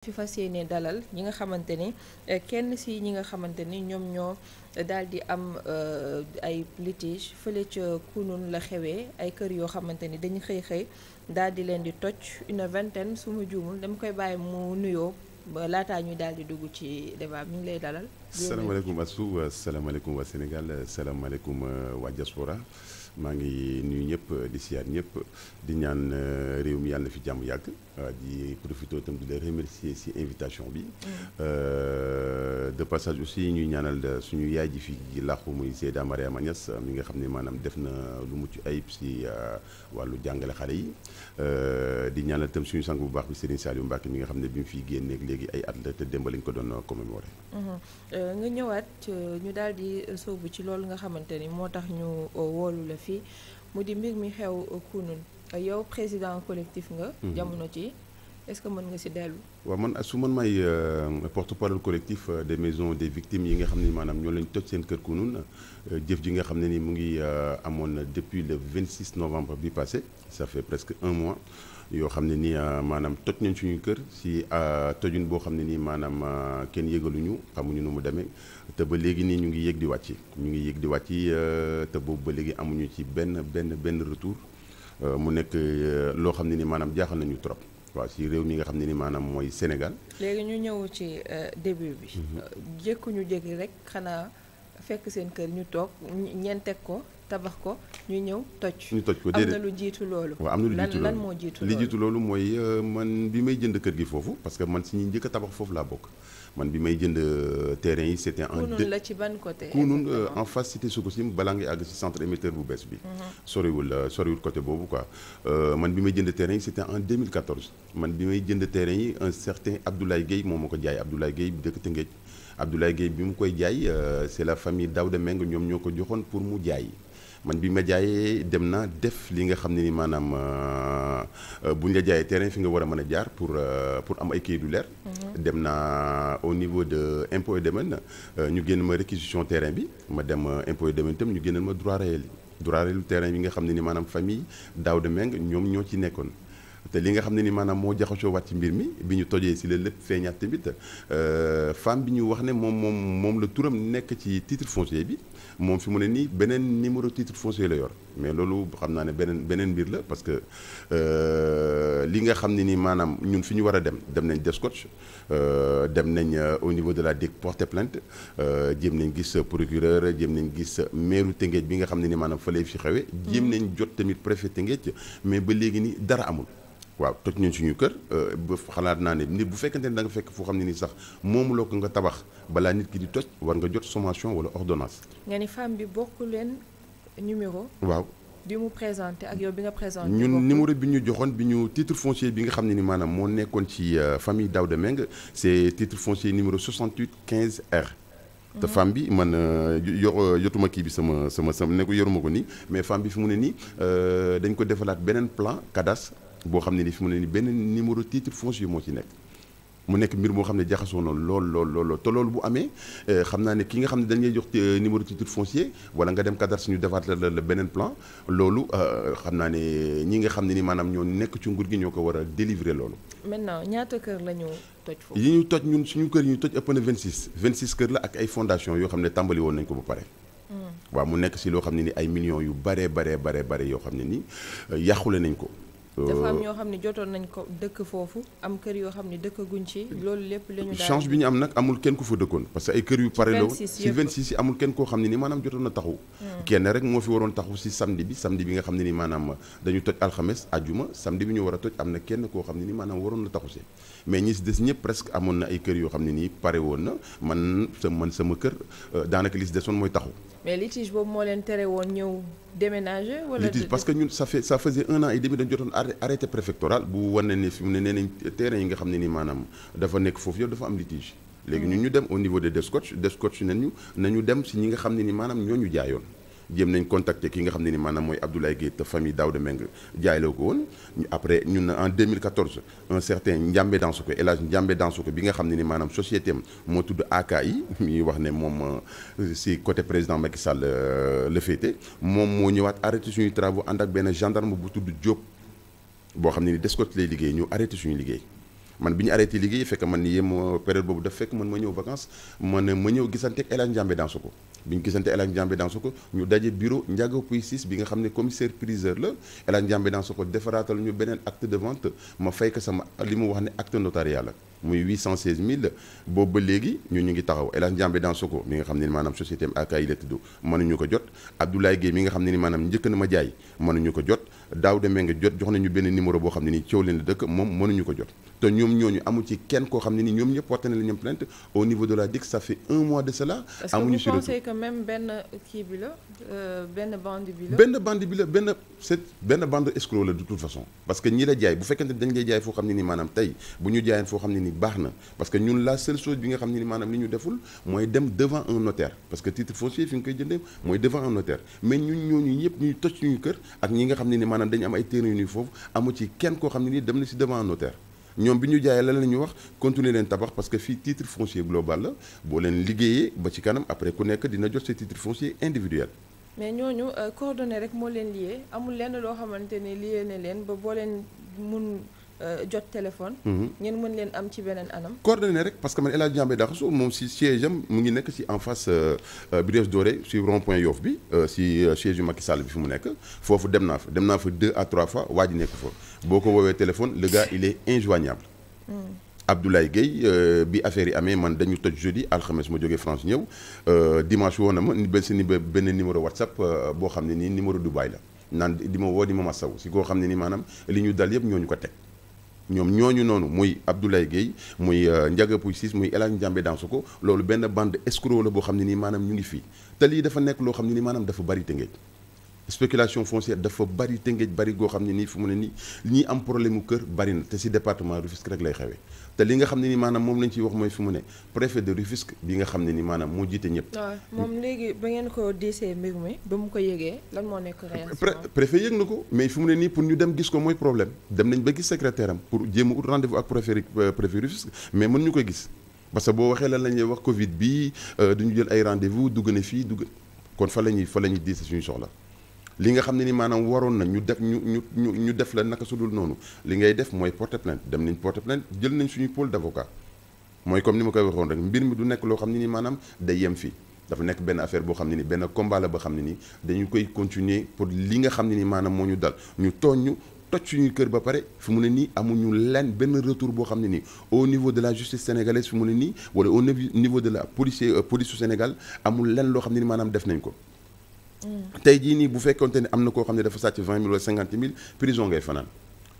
fi fas yéene dalal ñi nga xamante ni euh, kenn si ñi nga xamante ni ñoom ñoo daal di am euh, ay litige fële ca kunun la xewee ay kër yoo xamante ni dañu xëy xëy daal di leen di toj une vingtaine su ma juumul dama koy bàyyi mu nuyoo ba laataa ñu daal di dugg ci débat ñu ngi lay dalal. salaamaaleykum Astou salaamaaleykum waa Sénégal salaamaaleykum euh, waa diaspora maa ngi nuyu ñëpp di siyaat ñëpp di ñaan euh, réew mi yàlla na fi jàmm yàgg euh, di profité itam di la remercier si invitation bi mm. euh, de passage aussi ñuy ñaanal suñu yaay ji fi làqu muy Seyda Mariama Niass mi nga xam ne maanaam def na lu mucc ayib si wàllu jàngale xale yi di ñaanal itam suñu sang bu baax bi Serigne Saliou Mbacke mi nga xam ne bi mu fiy génneeg léegi ay at la te démb lañ ko doon commémoré. Mm-hmm. nga ñëwaat ñu daal di ci loolu nga xamante moo tax fi mu di mbir mi xew kunun yow président collectif nga mhm. jamono ci est-ce que mën nga si dellu waa man su man may euh, porte-parole collectif euh, des maisons des victimes yi nga xam ni maanaam ñoo leen toj seen kër kunun euh, jëf ji nga xam ne ni mu ngi amoon depuis le vingt 26 novembre bi passé ça fait presque un mois yoo xam ne nii euh, maanaam toj nañ suñu kër si euh, tojun boo xam ne nii maanaam euh, kenn yëgaluñu xamuñu nu mu demee te ba léegi nii ñu ngi yëg di wàcc ñu ngi yëg di wàcc te boobu ba léegi amuñu ci benn benn benn retour mu nekk loo xam ne ni maanaam jaaxal nañu trop waa si réew mi nga xam ne ni maanaam mooy Sénégal. léegi ñu ñëw ci début bi. Mhm. jékku ñu jékki rek xanaa fekk seen kër ñu toog ñeen teg ko tabax ko ñu ñëw toj. ñu toj ko déedéet am na lu jiitu loolu. waaw am na lu jiitu loolu lan mooy euh, man bi may jënd kër gi foofu parce que man si ñu njëkk a tabax foofu laa bokk man bi may jënd euh, terrain yi la ci ban côté. kunun euh, en face bu bees bi. Mhm. soriwul soriwul côté boobu quoi bi may jënd terrain bi may jënd terrain yi un certain Abdoulaye Gueye moom moo ko jaay Abdoulaye Gueye dëkk Tëngéej. Abdoulaye Gueye bi mu koy jaay c'est la famille Daouda Meng ñoom ñoo ko joxoon pour mu jaay man bi ma jaayee dem na def li nga xam ne ni maanaam euh, euh, bu ñu la jaayee terrain fi nga war a mën a jaar pour euh, pour am ay kayit du leer. Mhm. dem na au niveau de impôt et na ñu génn ma réquisition terrain bi ma dem impôt et domaine itam ñu génnal ma droit réel yi droit réel terrain bi nga xam ne ni maanaam famille daaw de meng ñoom ñoo ci nekkoon. te li nga xam ne ni maanaam moo jaxasoo waat ci mbir mi bi ñu tojee si la lépp feeñaat tamit euh, femme bi ñu wax ne moom moom moom la turam nekk ci titre foncier bi moom fi mu ne nii beneen numéro titre foncier la yor mais loolu xam naa ne beneen beneen mbir la parce que euh, li nga xam ne ni maanaam ñun fi war a dem dem nañ DESCOTE euh, dem nañ au niveau de la DIC porter plainte jéem nañ gis procureur jéem nañ gis maire Tëngéej bi nga xam ne ni maanaam fa lay jéem mm. nañ jot tamit préfet Tëngéej mais ba léegi ni dara amul. waaw toj nañ suñu kër euh, ba xalaat naa ne nit bu fekkente ni danga fekk foo xam ne ni sax moomu loo ko nga tabax balaa nit ki di toj war nga jot sommation wala ordonnance. nga ni femme bi bokk leen numéro. waaw bi mu présenté ak yow bi ñun numéro bi ñu joxoon bi ñu titre foncier bi nga xam ne ni maanaam moo nekkoon ci euh, famille Daouda Meng c'est titre foncier numéro 68 15 R. te mhm. femme bi man euh, yor yotuma kii bi sama sama sama ne ko yoruma ko nii mais femme bi fu mu ne nii dañ ko defalaat beneen plan cadastre. boo xam ne ni fi mu ne ni benn numéro titre foncier moo ci nekk mu nekk mbir moo xam ne jaxasoo na lool lool lool te loolu bu amee euh, xam naa ne ki nga xam ne dañuy jox euh, numéro titre foncier wala nga dem cadastre ñu defaat la la beneen plan loolu euh, xam naa ne ñi nga xam ne ni maanaam ñoo nekk ci nguur gi ñoo ko war a délivrer loolu. maintenant ñaata kër la ñu toj yi ñu toj ñun suñu kër yi ñu toj ëpp na vingt vingt 26 kër la ak ay fondation yoo xam ne tàmbali woon nañ ko ba pare. Hmm. waaw mu nekk si loo xam ne ni ay million yu baree baree baree baree yoo xam ne ni yàqule nañ ko. dafa am euh, ñoo xam ne jotoon nañ ko dëkk foofu am kër yoo xam ne dëkk guñ ci loolu lépp la ñu daal bi ñu am nag amul kenn ku fa dëkkoon parce que ay kër yu pare la woon si 26 xam ne ni maanaam na taxu hmm. kenn rek moo fi waroon taxu si samedi bi samedi nga xam ne ni maanaam dañu toj alxames ajuma samedi bi ñu war a toj am na kenn koo xam ne ni maanaam waroon na taxu si mais ñi si des ñëpp presque amoon na ay kër yoo xam ne nii pare woon na man man sama kër euh, daanaka li si desoon mooy taxu mais litige boobu moo leen tere woon ñëw déménager. wala litige parce que ñun ça fait ça faisait un an et demi dañu jotoon arrêté préfectoral bu wane ne fi ne nee nañ yi nga xam ne ni maanaam dafa nekk foofu yëpp dafa am litige. léegi ñu ñu dem au niveau des DESCOTS DESCOTS nañu nañu dem si ñi nga xam ne ni maanaam ñoo ñu jaayoon. jéem nañ contacter ki nga xam ne ni maanaam mooy Abdoulaye Guèye te famille Daouda Meng jaayloo ko woon après ñun en 2014 un certain Ndiambé Dansoko El Hadj Ndiambé Dansoko bi nga xam ne ni maanaam société am moo tudd AKI mi wax ne moom euh, si côté président Macky Sall euh, la féete moom moo ñëwaat arrêté suñuy travaux ànd ak benn gendarme bu tudd Diop boo xam ne ni des ko lay liggéey ñu arrêté suñu liggéey man bi ñu arrêté liggéey fekk man yéem période boobu daf fekk man ma ñëw vacances man ma ñëw gisante ak El Hadj Ndiambé Dansokho bi ñu gisante El Hadj Ndiambé Dansokho ñu daje bureau Ndiaga Pouye bi nga xam ne commissaire priseur la El Hadj Ndiambé Dansokho defaraatal ñu beneen acte de vente ma fay sama li mu wax ne acte notarial la muy cent 816000 boobu ba léegi ñun ñu ngi taxaw El Hadj Ndiambé Dansokho mi nga xam ne ni maanaam société am AKI la tudd mënuñu ko jot Abdoulaye Guèye mi nga xam ne ni maanaam njëkk na ma jaay mënuñu ko jot daaw demee nga jot jox nañu benn boo xam ne ni coow leen dëkk moom mënuñu ko jot te ñoom ñooñu amu ci kenn koo xam ne ni ñoom ñëpp porté na la ñoom plainte au niveau de la DIC ça euh, bu fekkente dañ lay jaay ne ni maanaam tey bu ñu jaayeen ni baax na parce que ñun la seule nga xam ne ñu deful mooy dem devant un notaire parce que titre foncier fi nga koy jëndee mooy devant un ñuy kër ak ñi nga xam ne ni maanaam dañ am ay terrain yu foofu amu ci kenn koo xam ne ni dem na si devant un notaire ñoom bi ñu jaayee lan la ñu wax continuer leen tabax parce que fii titre foncier global la boo leen liggéeyee ba ci kanam après ku nekk dina jot sa titre foncier individuel. mais ñooñu euh, coordonné rek moo leen lié amul lenn loo xamante ne lié na leen ba boo leen mun. Euh, jot téléphone. Mhm. ngeen mën leen am ci beneen anam. coordonné rek parce que man El Hadj Ndiambé Daxaso moom si siège am mu ngi nekk si en face euh, euh, Brioche Dorée si rond point Yoff bi si siège yu Macky Sall bi fi mu nekk foofu dem naa fa dem naa fa deux à trois fois waa ji nekk fa boo ko woowee téléphone le gars il est injoignable. Hmm. Abdoulaye Gueye bi affaire yi amee man dañu toj jeudi alxames ma jógee France ñëw dimanche woo na ma ni benn numéro WhatsApp boo xam ne nii numéro Dubaï la naan di ma woo di ma masawu si koo xam ne nii maanaam li ñu dal yëpp ñooñu ko teg. ñoom ñooñu noonu muy Abdoulaye Guèye muy euh, Ndiaga Pouy Ciss muy El Hadj Ndiambé Dansoko loolu benn bande escroc la boo xam ne nii maanaam ñu ngi fii te lii dafa nekk loo xam ne ni maanaam dafa bari Tëngéej spéculation foncière dafa bari Tëngéej bari goo xam ne nii fu mu ne nii ñi am problème kër bari na te si département Rufisque rek lay xewee te li nga xam ne ni maanaam moom lañ ciy wax mooy fu mu ne préfet de Rufisque bi nga xam ne ni maanaam moo jiite ñëpp. waaw moom léegi ba ngeen ko diisee mbir mi ba mu ko yëgee lan moo nekk réaction. préfet yëg na ko mais fu mu ne nii pour ñu dem gis ko mooy problème dem nañ ba gis secrétaire am pour jéem a ut rendez euh, mais mën ñu ko gis parce que boo waxee lan lañuy lay wax Covid bi euh, duñu jël ay rendez-vous dugg na kon fa la ñuy fa la ñuy diisee suñu soxla li nga xam ne ni maanaam waroon na ñu def ñu ñu ñu ñu def la naka sudul noonu li ngay def mooy porter plainte dem nañ porter plainte jël nañ suñu pôle d'avocat mooy comme ni ma koy waxoon rek mbir mi du nekk loo xam ne ni maanaam da yem fii dafa nekk benn affaire boo xam ne ni benn combat la boo xam ne ni dañu koy continuer pour li nga xam ne ni maanaam moo ñu dal ñu tooñ ñu toj suñuy kër ba pare fi mu ne nii amuñu len benn retour boo xam ne nii au niveau de la justice sénégalaise fi mu ne au niveau de la police euh, police su Sénégal amul lenn loo xam ne ni def nañ ko Mm. tey jii nii bu fekkonte ne am na koo xam ne dafa sàcc vingt mille wala cinquante mille prison ngay fanaan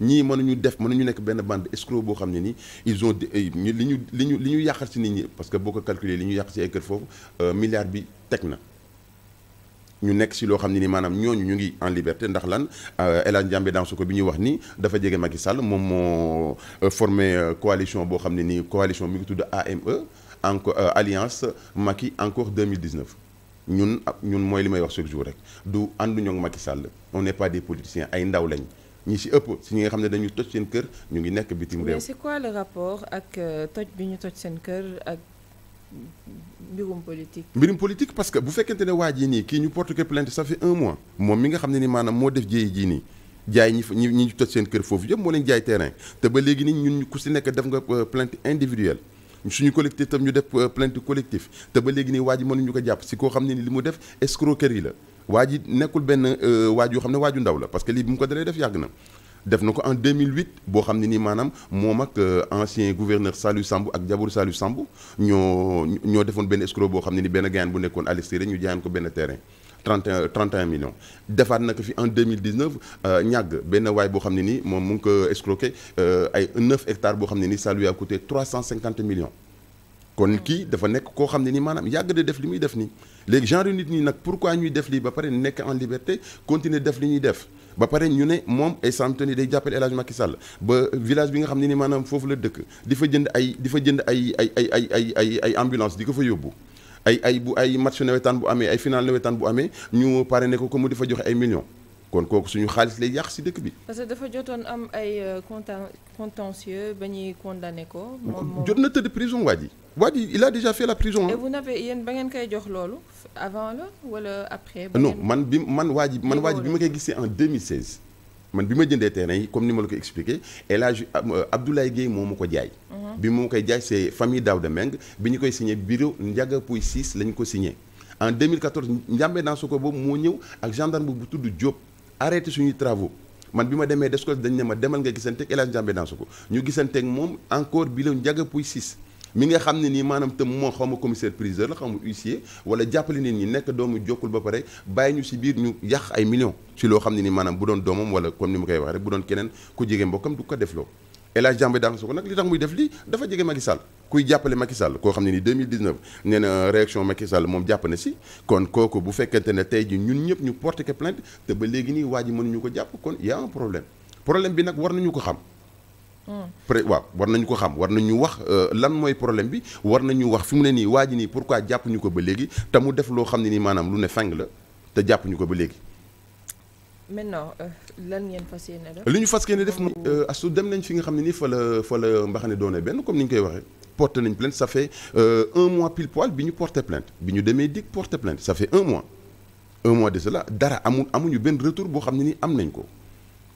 ñii mënuñu def mënuñu nekk benn bande escroc boo xam ne nii ils ont ñu li ñu li ñu li ñu yàqal ci nit ñi parce que boo ko calculer li ñu yàq ci ay kër foofu euh, milliard bi teg na ñu nekk si loo xam ne ni maanaam ñooñu ñu ngi en liberté ndax lan euh, El Hadj Ndiambé Dansokho bi ñuy wax nii dafa jege Macky Sall moom moo euh, formé coalition boo xam ne nii coalition mi ngi tudd AME encore alliance Macky encore 2019 ñun ñun mooy li may wax chaque jour rek du ànduñu ak Macky Sall on n'est pas des politiciens ay ndaw lañ ñi si ëpp si ñi nga xam ne dañu toj seen kër ñu ngi nekk bitim réew. mais c'est quoi euh, ñu toj seen kër ak mbirum politique. mbirum politique parce que bu fekkente ne waa ji nii kii ñu porte que plainte ça fait un mois moom mi nga xam ne ni maanaam moo def jéey ji nii. jaay ñi ñi ñi toj seen kër foofu yëpp moo leen jaay terrain te ba léegi nii ñun ku si nekk def nga euh, plainte individuelle suñu collectif tam ñu def euh, plainte collectif te ba léegi nii waa ji mënuñu ko jàpp si koo xam ne ni li mu def escroquerie la waaj ji nekkul benn euh, waaj yoo xam ne waaju ndaw la parce que lii bi mu ko dalee def yàgg na def na ko en 2008 boo xam ne nii maanaam moom ak euh, ancien gouverneur Saliou Samb ak jabaru saalu Samb ñoo ñoo defoon benn escroc boo xam ne ni benn gayaan bu nekkoon à l'extérieur ñu jaayaan ko benn terrain 31 31 millions defaat na ko fi en 2019 euh, ñàgg benn waay boo xam ne nii moom mu ngi ko escroqué euh, ay 9 ectare boo xam ne nii ça lui a cent 350 millions. kon hmm. kii dafa nekk koo xam ne nii maanaam yàgg de def li muy def nii léegi genre nit ñi nag pourquoi ñuy def lii ba pare nekk en liberté continuer def li ñuy def ba pare ñu ne moom ay santé ni day jàppale El Hadj Macky Sall ba village bi nga xam ne nii maanaam foofu la dëkk di jënd ay di jënd ay ay ay ay ay ay ay ambulance di fa yóbbu. ay ay bu ay match nawetaan bu amee ay final nawetaan bu amee ñu pare ne ko ko mu di fa joxe ay millions kon kooku suñu xaalis lay yàq si dëkk bi. parce que dafa jotoon am ay euh, contentieux ba ñuy condamné ko. moom jot na tëdd prison waa ji. waa ji il a déjà fait la prison. et vous n'avez yéen ba ngeen koy jox loolu avant la wala après. non man bi man waa ji man waa ji bi ma koy gisee en 2016. man bi ma jëndee terrain yi comme ni ma la ko expliqué El Hadj euh, Abdoulaye Guèye moo ma ko jaay. Mhm. bi moo koy jaay c'est famille Daouda Meng bi ñu koy signé bureau Ndiaga Pouy 6 la ñu ko signé. en 2014 njàmbee dans ce ko boobu moo ñëw ak gendarme bu tudd Diop arrêté suñuy travaux. man bi ma demee des ko dañ ne ma demal nga gisanteeg El Hadj Ndiambé ko ñu gisanteeg moom encore bi la Ndiaga Pouy 6 mi nga xam ne nii maanaam te moo xaw ma commissaire priseur la xaw ma huissier wala jàppale nit ñi nekk doomu jokkul ba pare bàyyi ñu si biir ñu yàq ay millions ci loo xam ne nii maanaam bu doon doomam wala kon ni ma koy waxee rek bu doon keneen ku jege mbokkam du ko def loo El Hadj Dambé Dansokho nag li tax muy def lii dafa jege Macky kuy jàppale Macky Sall koo xam ne ni 2019 nee na réaction Macky Sall moom jàpp na si kon kooku bu fekkente ne tey ji ñun ñëpp ñu porté plainte te ba léegi nii waa ji mënuñu ko jàpp kon y a un problème war nañu ko xam pré waaw war nañu ko xam war nañu wax euh, lan mooy problème bi war nañu wax fi mu ne nii waa ji nii pour jàpp jàppuñu ko ba léegi te mu def loo xam ne nii maanaam lu ne feng la te jàppuñu ko ba léegi. maintenant euh, lan ngeen fas yéene def. li ñu fas yéene def mooy euh, asu dem nañ fi nga xam ne nii fa la fa la mbaxane doone benn comme ni ñu koy waxee. porté nañ plainte ça fait euh, un mois pile poil bi ñu porté plainte bi ñu demee dig porté plainte ça fait un mois un mois de cela dara amul amuñu benn retour boo xam ne nii am nañ ko.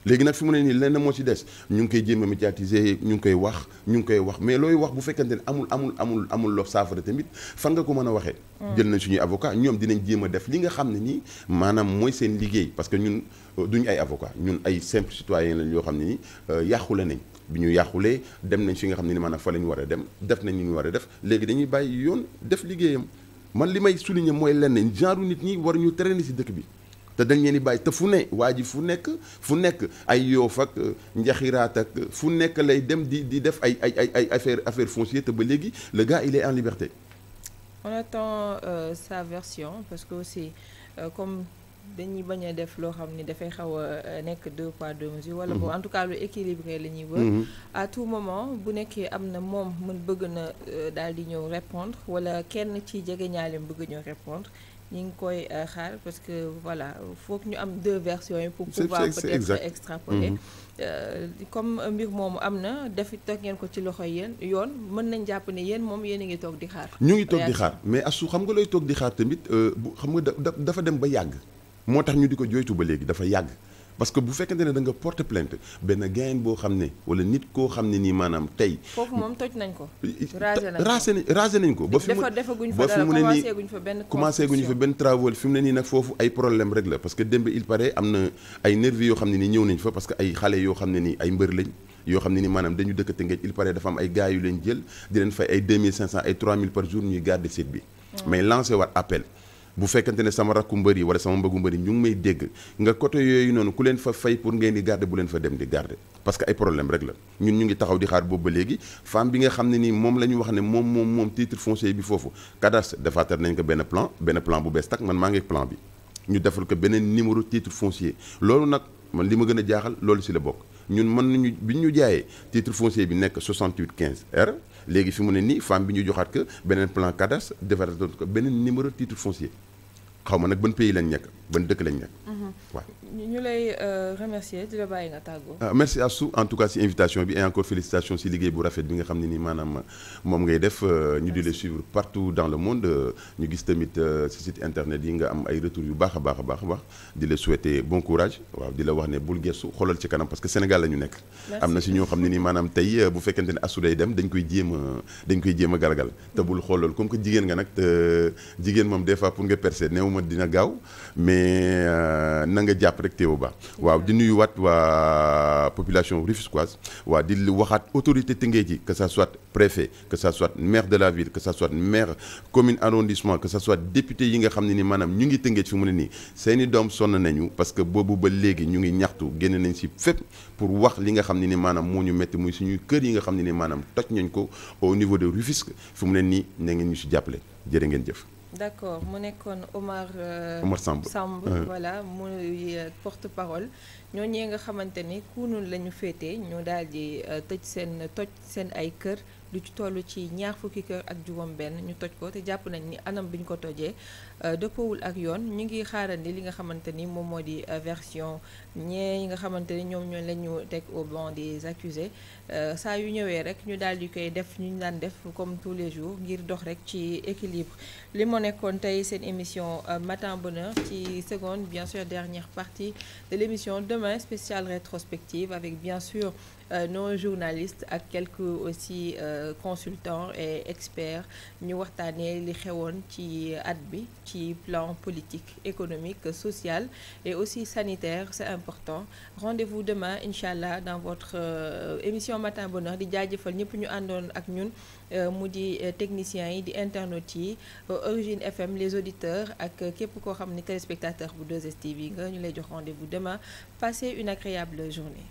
léegi nag fi mu ne nii lenn moo ci des ñu ngi koy jéem a médiatiser ñu ngi koy wax ñu ngi koy wax mais looy wax bu fekkante ne amul amul amul amul lo saafara tamit fan nga ko mën a waxee. Mm. jël nañ suñuy avocat ñoom dinañ jéem def li nga xam ne nii maanaam mooy seen liggéey parce que ñun euh, duñu ay avocat ñun ay simple citoyen lañ yoo xam ne nii euh, yàqule nañ. bi ñu yàqulee dem nañ fi nga xam ne ni maanaam fa la ñu war a dem def nañ li ñu war a def léegi dañuy bàyyi yoon def liggéeyam man li may souligner mooy lenn genre nit ñi war ñu traîner ci dëkk bi. te dañ leen di bàyyi te fu ne waa ji fu nekk fu nekk ay yoof ak euh, njaxiraat ak fu nekk lay dem di di def ay ay ay ay affaire affaire foncière te ba léegi le gars il est en liberté on attend euh, sa version que aussi euh, comme dañuy bañ def loo xam ni dafay xaw a euh, nekk deux poids deux mesures wala mhm. boobu en tout cas lu équilibré la ñuy wër mhm. à tout moment bu nekkee am na moom mën bëgg na euh, daal di ñëw répondre wala kenn ci jege ñaaleem bëgg ñëw répondre ñu ngi koy euh, xaar parce que voilà foog ñu am deux versions yi pour pouvoir peut-être extrapoler mhm. euh, comme mbir moomu am na def toog ngeen ko ci loxo yéen yoon mën nañ jàpp ne yéen moom yéen a ngi toog di xaar ñu ngi toog di xaar mais asu xam nga looy toog di xaar tamit euh, bu xam nga dafa dem ba yàgg moo tax ñu di ko joytu ba léegi dafa yàgg parce que bu fekkente ne da nga porte plainte benn gayen boo xam ne wala nit koo xam ne nii maanaam tey. foofu moom toj nañ ko. rasé nañ ko rasé nañ ko. ba fi mu ba fi mu ne nii commencé guñu fa benn travaux fi mu ne nii nag foofu ay problème rek la parce que démb il paraît am na ay nervis yoo xam ne nii ñëw nañ fa parce que ay xale yoo xam ne nii ay mbër lañ. yoo xam ne ni maanaam dañu dëkk Tëngéej il paraît dafa am ay gars yu leen jël di leen fay ay 2500 ay 3000 par jour ñuy bu fekkante ne sama rakku mbër yi wala sama mbëggu mbër ñu ngi may dégg nga côté yooyu noonu ku leen fa fay pour ngeen di garder bu leen fa dem di garder parce que ay problème rek la ñu ngi taxaw di xaar boobu ba léegi femme bi nga xam ne nii moom la ñu wax ne moom moom moom titre foncier bi foofu cadastre defaatal nañ ko benn plan benn plan bu bees tak man maa ngi plan bi ñu defal ko beneen numéro titre foncier loolu nag man li ma gën a jaaxal loolu si la bokk ñun mën nañu bi ñu jaayee titre foncier bi nekk 68 15 R léegi fi mu ne nii femme bi ñu joxaat que beneen plan cadastre defaraat ko beneen numéro titre foncier xaw ma nag ban pays lañ nekk ban dëkk lañ nekk. Mhm. Euh, la bàyyi ah, merci à su en tout cas si invitation bi et encore félicitations si liggéey bu rafet bi nga xam ne nii maanaam euh, moom ngay def. Euh, ñu di la suivre partout dans le monde ñu gis tamit si site internet yi nga am ay retours yu baax a baax a baax a baax di la souhaiter bon courage waaw di la wax ne bul gestu xoolal ci kanam parce que Sénégal la ñu nekk. am na si ñoo xam ne nii maanaam tey bu fekkente ne asu day dem dañ koy jéem a koy jéem a galgal te bul xoolal comme que jigéen nga moom des fois dina gaaw mais euh, na nga jàpp rek teewu baax waaw di nuyu waat waa population rufisquoise waa di waxaat autorité Tëngéej yi que ça soit préfet que ça soit maire de la ville que ça soit maire commune arrondissement que ça soit député yi nga xam ne ni maanaam ñu ngi Tëngéej fi mu ne nii seeni doom sonn nañu parce que boobu ba léegi ñu ngi ñaxtu génn nañ si fépp pour wax li nga xam ne ni maanaam moo ñu metti muy suñuy kër yi nga xam ne ni maanaam toj nañ ko au niveau de mu ne nii na si jàppale jërë ngeen jëf d'accord mu nekkoon Omar. Euh, Omar Samb Samb voilà muy euh, porte-parole ñooñee nga xamante ni kunun la ñu féetee ñu daal di euh, tëj seen toj seen ay kër lu ci toll ci ñaar fukki kër ak juróom-benn ñu toj ko te jàpp nañ ni anam bi ñu ko tojee dëppawul ak yoon ñu ngi xaarandi li nga xamante ni moom moo di version ñee yi nga xamante ni ñoom ñoo la ñu teg au banc des accusés Euh, saa yu ñëwee rek ñu daal di koy def ñu ñu daan def comme tous les jours ngir dox rek ci équilibre li moo nekkoon tey seen émission euh, matin bonheur ci seconde bien sûr dernière partie de l'émission demain spéciale rétrospective avec bien sûr Euh, nos journalistes ak quelque aussi euh, consultants et experts ñu waxtaanee li xewoon ci at bi ci plan politique économique social et aussi sanitaire c'est important rendez-vous demain allah dans votre euh, émission matin bonheur di jaajëfal ñëpp ñu àndoon ak ñun euh, mu di euh, techniciens yi di internautes yi euh, Origine FM les auditeurs ak képp koo xam ne téléspectateur bu 2STV nga ñu lay jox rendez-vous demain passez une agréable journée.